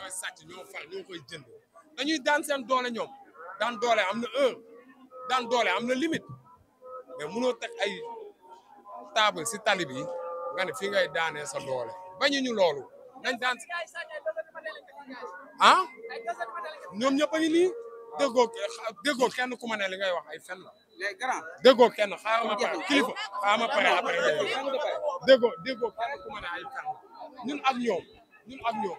ñooy sàcc ñoo far ñoo koy jënd dañuy daan seen doole ñoom daan doole am na heure daan doole am na limite mais mënoo teg ay table si tali bi nga ne fi ngay daanee sa doole bañuñu loolu ah ñoom ñëpp a ngi nii déggoo déggoo kenn ku ma ne li ngay wax ay fen la déggoo kenn xaaral ma pare kilifa xaaral ma pare après déggoo déggoo kenn ku ma ne ay fen la ñun ak ñoom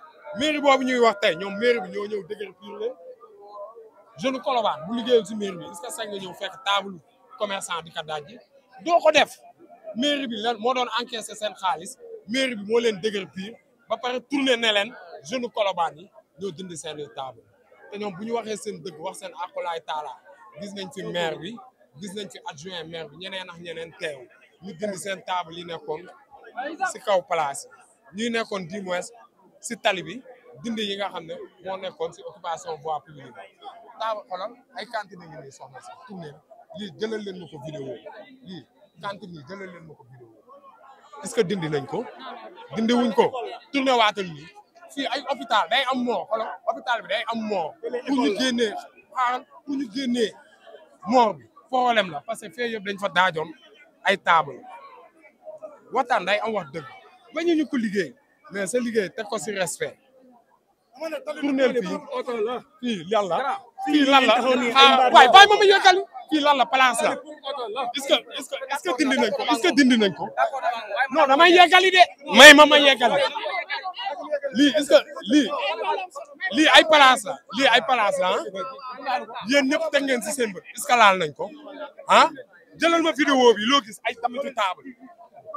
mairie bobu ñuy wax tay ñom mairie bi ñoo ñew dëgër piir leen jeune Colobane bu liggéeyul ci mairie bi est-ce que sañ nga ñew fekk table commerçant di ka daaj ji ko def mairie bi lan mo doon encaisser sen xaalis mairie bi mo leen dëgër piir ba paré tourner ne leen jeune Colobane yi ñoo dindi sen table té ñom bu ñu waxee seen dëgg wax sen akolaay taala gis nañ ci maire bi gis nañ ci adjoint maire bi ñeneen ak ñeneen teew ñu dindi seen table yi nekkoon si kaw place ñuy nekkoon du mois si tali bi dindi yi nga xam ne moo nekkoon si occupation voie publique bi taa xoolal ay cantine ngi nii soxna si tourné lii jëlal leen ma ko vidéo lii cantine yi jëlal leen ma ko vidéo est que dindi nañ ko dindi wuñ ko tourné waatal nii fii ay hôpital day am moo xoolal hôpital bi day am moo pour ñu génnee xaaral pour moo bi problème la parce que fee yëpp dañ fa daajoon ay table waxtaan day am wax dëgg ba ñu ñu ko liggéey mais sa liggéey teg ko si respect. tournel fii fii lan la. fii lan la ah waay bàyyi ma ma yëgal fii lan la place la est-ce que est-ce que dindi nañ ko est-ce que dindi nañ ko non damay yëgali de may ma ma yëgal lii li ce li li lii ay li la lii ay place la ah yéen ñëpp teg ngeen si seen bët est-ce que lá nañ ko ah jëlal ma vidéo bi loo gis ay tamitu table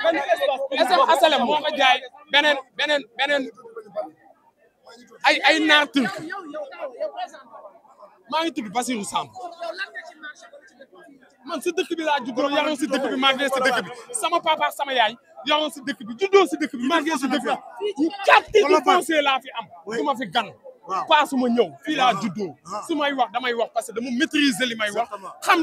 SM ben, ben, ben, ben, ben, ben, ben, ay ay ben, ben, ben, ben, ben, ben, ben, man si ben, bi ben, ben, ben, si ben, bi ben, si ben, bi sama papa ben, sama yaay ben, si ben, bi ben, si ben, bi ben, si ben, bi ben, ben, ben, ben, fi am du fi gan pas ben, ben, ben, ben, ben, maîtriser li may wax xam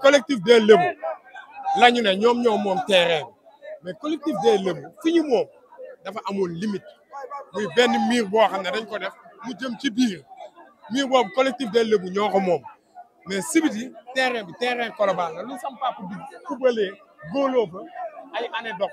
collectif des lëbu la ñu ne ñoom ñoo moom terrain bi mais collectif des lëbu ñu moom dafa amoon limite muy benn miir boo xam ne dañ ko def mu jëm ci biir miir boobu collectif des lëbu ñoo ko moom mais sibiti terrain bi terrain Colobane la lu sam papa bi kubalee góoloo fa ay année dox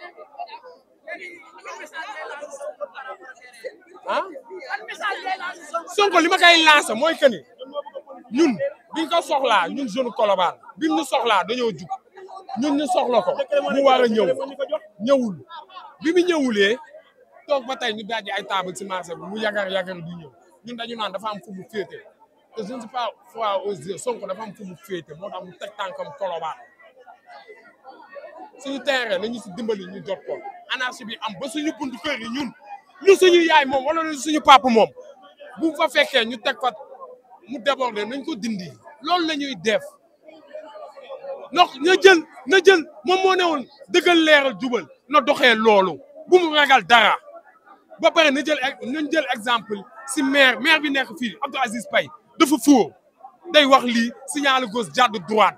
ah Sonko li ma koy lancé mooy que ni ñun biñ ko soxlaa ñun jeune Colobane biñ ñu soxlaa dañoo jug ñun ñu soxla ko mu war a ñëw ñëwul bi mu ñëwulee toog ba tey ñu daje ay table ci marché bi mu yagar yagar du ñëw ñun dañu naan dafa am fu mu féete te je Sonko dafa am fu mu féete moo tax mu teg tànkam Colobane suñu terre nañu ci dimbali ñu jot ko nous bi am ba suñu buntu yi ñun suñu yaay wala suñu papa mom bu fa fekke ñu tek fa mu déborder nañ ko dindi loolu sommes def ndox ñu jël na jël mom pas deugal sommes na loolu bu mu ragal dara ba na jël jël exemple si maire maire bi nekk fi Abdou Aziz Paye dafa fou day wax signal gauche droite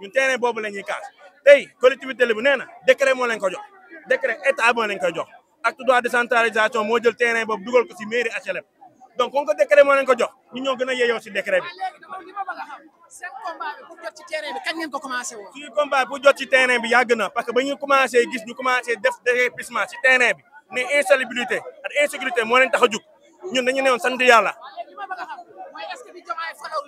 ñun terrain boobu la ñuy kaas tey collectivité bi nee na décret moo lañ ko jox décret état moo lañ ko jox acte droit décentralisation moo jël terrain boobu dugal ko si mairie HLM donc kon ko décret moo ko jox ñu ñoo gën a yeyoo si décret bi. Ah, seen combat bi jot ci terrain bi kañ ngeen ko commencé woon. suñu combat pour jot bi yàgg na parce que ba ñu commencé gis ñu commencé def déguerpissement ci terrain bi ne insalubrité ak insécurité moo leen tax a jug ñun dañu ne woon sant yàlla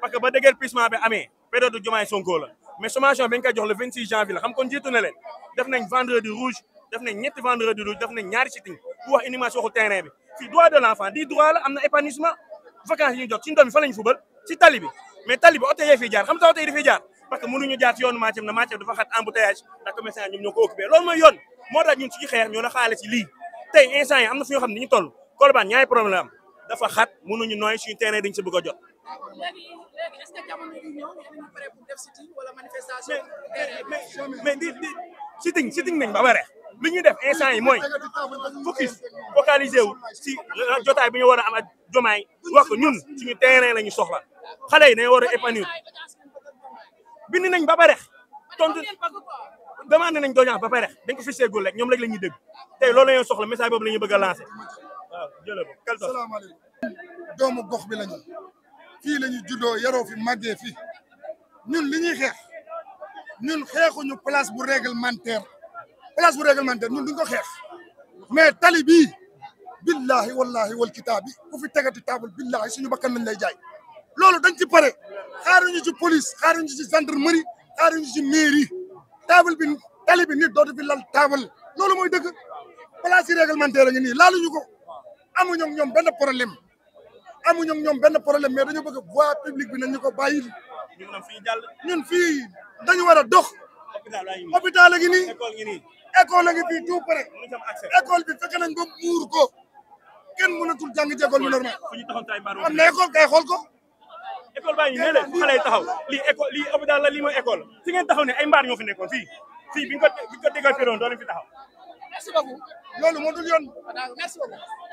parce que ba déguerpissement bi amee période Diomaye Sonko la mais sommation match, ñu jox le 26 janvier la xam kon jiitu na leen def nañ vendredi rouge def nañ ñetti vendredi rouge def nañ ñaari sitting bu wax inhumation waxu terrain bi fii droit de l' di droit la am na épanouissement vacances yi ñu jot suñu doom yi fa lañ il ci tali bi mais tali bi oto yee fiy jaar xam sa oto yi dafay jaar parce que mënuñu jaar ci yoonu Mathiam na Mathiam dafa xat embouteillage ndax commerçant ñoom ñoo ko occupé loolu mooy yoon moo tax ñun suñu xeex ñoo na xaale ci lii tey instant yi am na fu ñoo xam ne ñu toll Colobane ñaari problème dafa xat mënuñu nooy suñu terrain dañ si bëgg a jot léegi léegi est-ce que jamono yi ñëw ñu def sitting mais mais di di sitting sitting nañ ba pare li ñuy def instant yi mooy focus focalisé wu si jotaay bi ñu war a am ak jomaay wax ko ñun suñu terrain la ñu soxla xale yi dañoo war a épanouir bind nañ ba pare tontu demandé nañ doñaax ba pare dañ ko fi seegul rek ñoom rek la ñuy dégg tey loolu la ñuy soxla message boobu la ñuy bëgg a lancer waaw jëlal ko. salaamaaleykum doomu gox bi la ñu. fii la ñu juddoo yaroo fi màggee fi ñun li ñuy xeex ñun xeexuñu place bu réglementaire place bu réglementaire ñun duñ ko xeex mais tali bii billahi wallahi wal kitaabi ku fi tegati taabal billahi suñu bakkan lañ lay jaay loolu dañ ci pare xaaruñu ci police xaaruñu ci gendarmerie xaaruñu ci mairie taabal bi tali bi nit dootu fi lal taabal loolu mooy dëgg place yi réglementaire a ngi nii laaluñu ko amuñu ak ñoom benn problème amuñu ak ñoom benn problème mais dañu bëgg voie publique bi nañu ko bàyyi. ñun fii dañu war a dox. hôpital a ngi nii école a ngi fii tout près école bi fekk nañ ba muur ko kenn mënatul jàng ci école bi normal am na école kay xool ko. école baa ngi nii la xale yi taxaw lii école li hôpital la lii mooy école fi ngeen taxaw ne ay mbaar ñoo fi nekkoon fii fii bi ñu ko bi ñu fi taxaw. loolu moo dul yoon merci